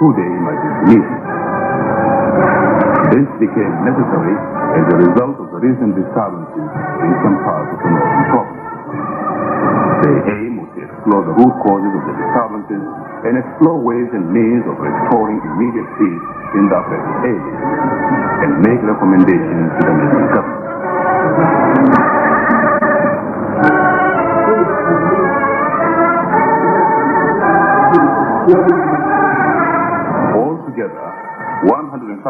who they might believe. This became necessary as a result of the recent disturbances in some parts of the northern province. The aim was to explore the root causes of the disturbances and explore ways and means of restoring immediate peace in the affected areas and make recommendations to the national government. together 135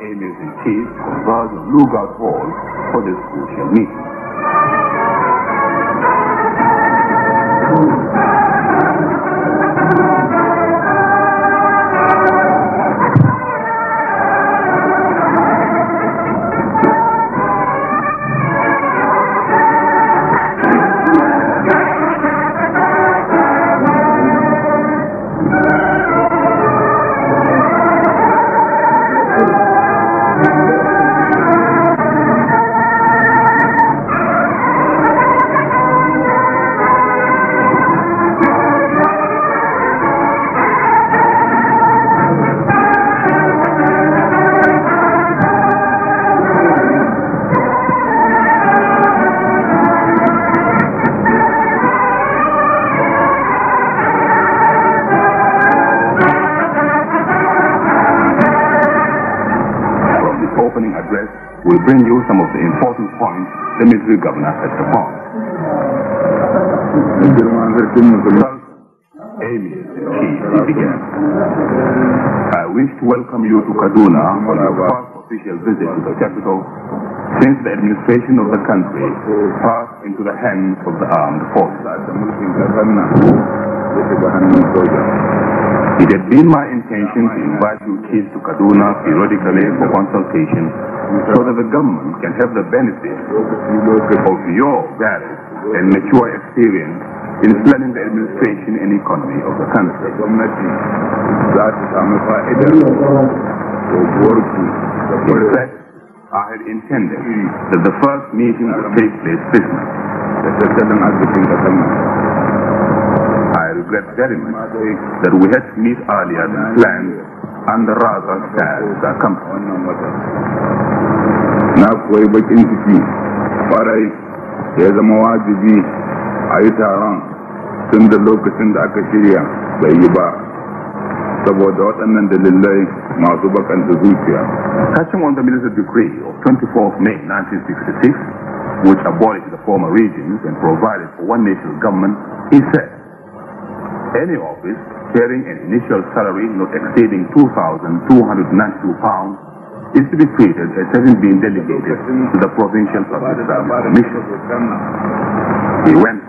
emails and kids via the lookout hall for the social meeting. opening address will bring you some of the important points the military governor has upon. Amy, he I wish to welcome you to Kaduna on your first official visit to the capital since the administration of the country passed into the hands of the armed forces. It had been my intention to invite you kids to Kaduna periodically for consultation so that the government can have the benefit of your varied and mature experience in planning the administration and economy of the country. In fact, I had intended that the first meeting would take place this month regret very much that we had to meet earlier than planned and the rather sad circumstance. na koyi bakin ciki farai ya zama wajibi a yi taron tun da lokacin da aka shirya bai yi ba saboda waɗannan dalilai masu zuciya. Touching on the military decree of 24th May 1966, which abolished the former regions and provided for one nation government, he said, any office bearing an initial salary not exceeding £2,292 is to be treated as having been delegated to the Provincial Public Service Commission. He went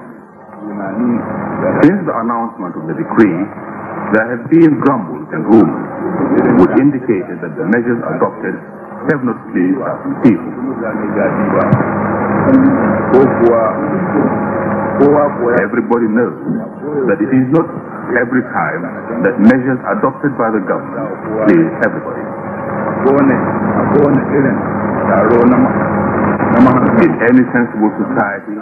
Since the announcement of the decree, there have been grumbles and rumors which indicated that the measures adopted have not pleased certain people. Everybody knows that it is not every time that measures adopted by the government please everybody. In any sensible society,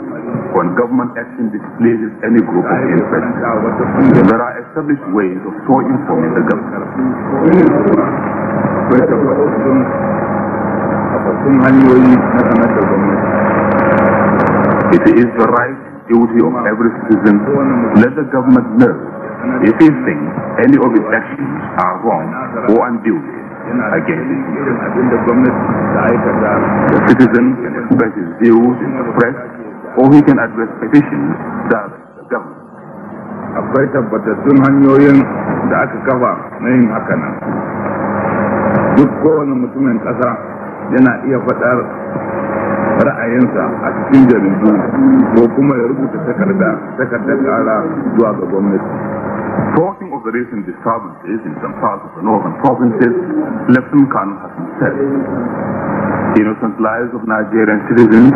when government action displeases any group of interest, there are established ways of so informing the government. It is the right duty of every citizen to let the government know if he thinks any of his actions are wrong or unduly against it. The citizen can express his views in the press or he can address petitions that the government. Akwai tabbatattun hanyoyin da aka kafa na yin haka nan. Duk kowane mutumin ƙasa yana iya faɗar ra'ayinsa a cikin jaridu ko kuma ya rubuta takarda takardar kara zuwa ga gwamnati Talking of the recent disturbances in some parts of the northern provinces, Lieutenant Khan has said, innocent lives of Nigerian citizens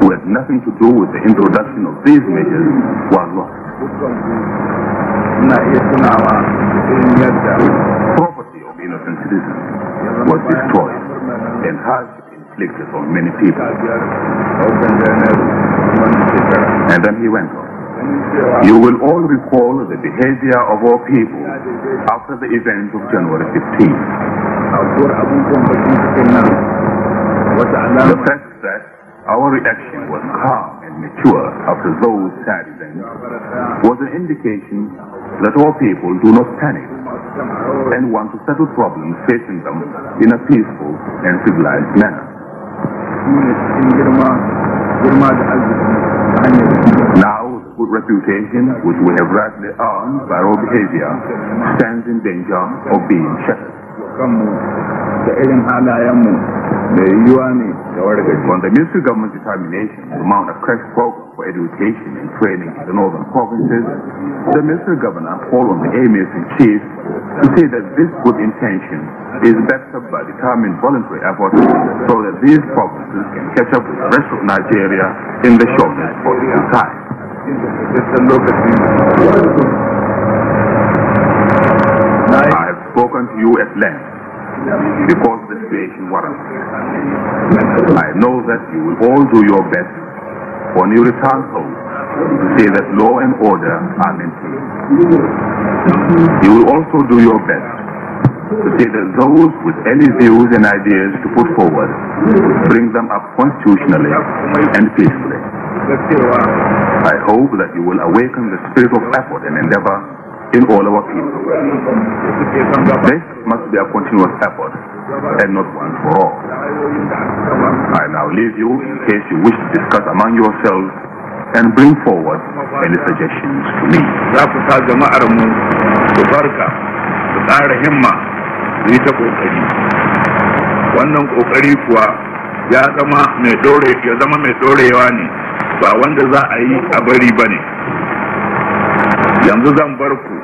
who had nothing to do with the introduction of these measures were lost. Property of innocent citizens was destroyed and hardship inflicted for many people. And then he went on. You will all recall the behavior of our people after the event of January 15th. The fact that our reaction was calm and mature after those sad events was an indication that our people do not panic and want to settle problems facing them in a peaceful and civilized manner. Now, good reputation which we have rightly earned by our behavior stands in danger of being shattered kanmu da irin halayenmu da yiwuwa ne da wargaji. When the ministry government determination to mount a crash program for education and training in the northern provinces, the ministry governor called the AMS in chief to say that this good intention is backed up by determined voluntary efforts so that these provinces can catch up with the rest of Nigeria in the shortest possible time. Just a look at to you at length because the situation warrants it. I know that you will all do your best when you return home to see that law and order are maintained. You will also do your best to see that those with any views and ideas to put forward, bring them up constitutionally and peacefully. I hope that you will awaken the spirit of effort and endeavor in all our people. This must be a continuous effort and not one for all. I now leave you in case you wish to discuss among yourselves and bring forward any suggestions to me. Za ku sa barka himma yi ta ƙoƙari. Wannan ƙoƙari kuwa ya zama mai ya zama mai dorewa ne ba wanda za a yi a bari ba ne. Yanzu zan bar ku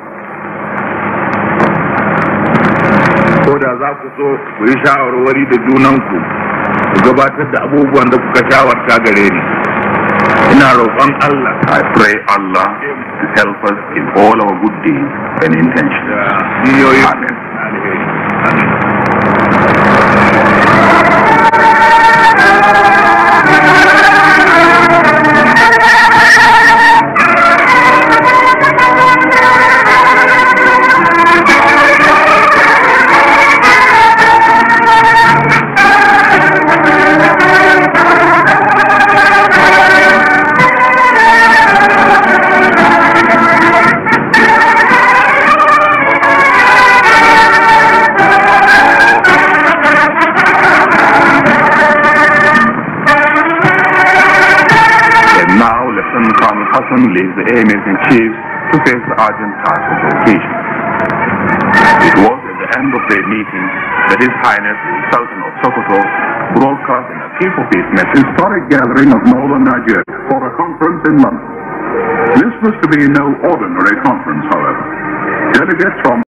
lokuta za ku so ku yi shawarwari da junanku ku gabatar da abubuwan da kuka shawarta gare ni ina roƙon Allah I pray Allah to help us in all our good deeds and intentions. Amen. families, the emirs and chiefs, to face the urgent task of the occasion. It was at the end of their meeting that His Highness the Sultan of Sokoto broadcast an appeal for peace an historic gathering of northern Nigeria for a conference in London. This was to be no ordinary conference, however. Delegates from